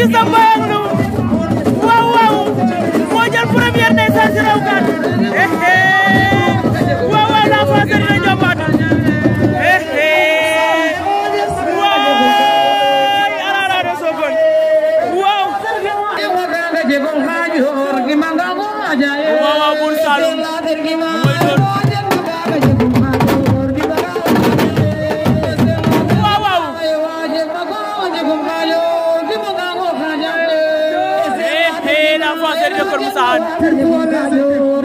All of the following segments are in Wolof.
fils de Mbaye ak Ndao waaw waaw moo jël première ndeysaan si raw gaan eh, eh. waaw waaw la face de Ndiobato eh, waay alaala de Sokone waaw waaw waaw Buur प्रमुसान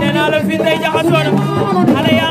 Nena la fi day jaxasoona xale yaa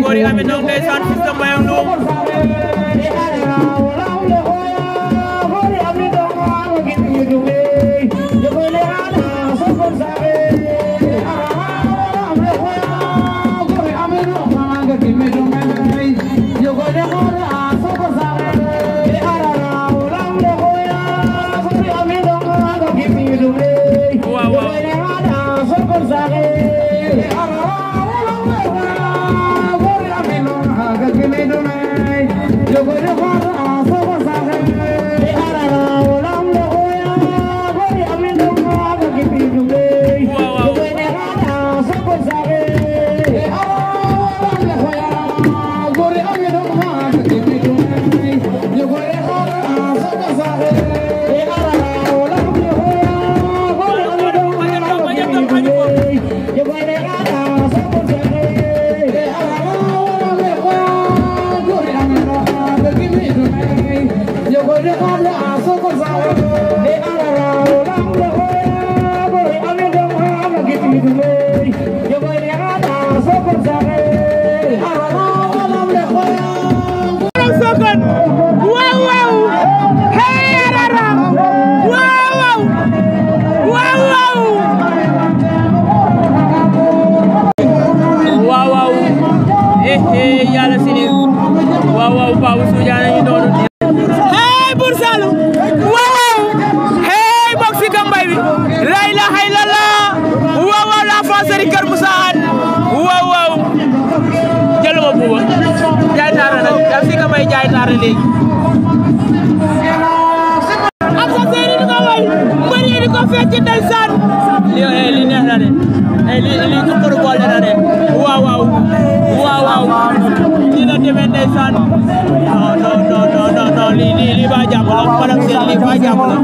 ngóor yi amee noonu ndeysaan Fils de Mbayang Lo Thank you. Bueno, waaw waaw Babou Soudiane ñu doon hey Bour Saloum jaay taare léegi ak sa seeri di ko way mbër yi di ko fecc ndeysaan li eh, li neex na de eh, li li tukkar boole na de waaw waaw waaw waaw li la demee ndeysaan non non non non non non li li li baa jàmm la madame Sène li baa jàmm la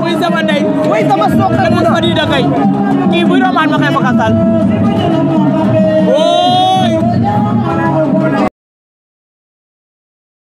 muy sama ndey. muy sama soxna kay kii buy doon maan ma kay ma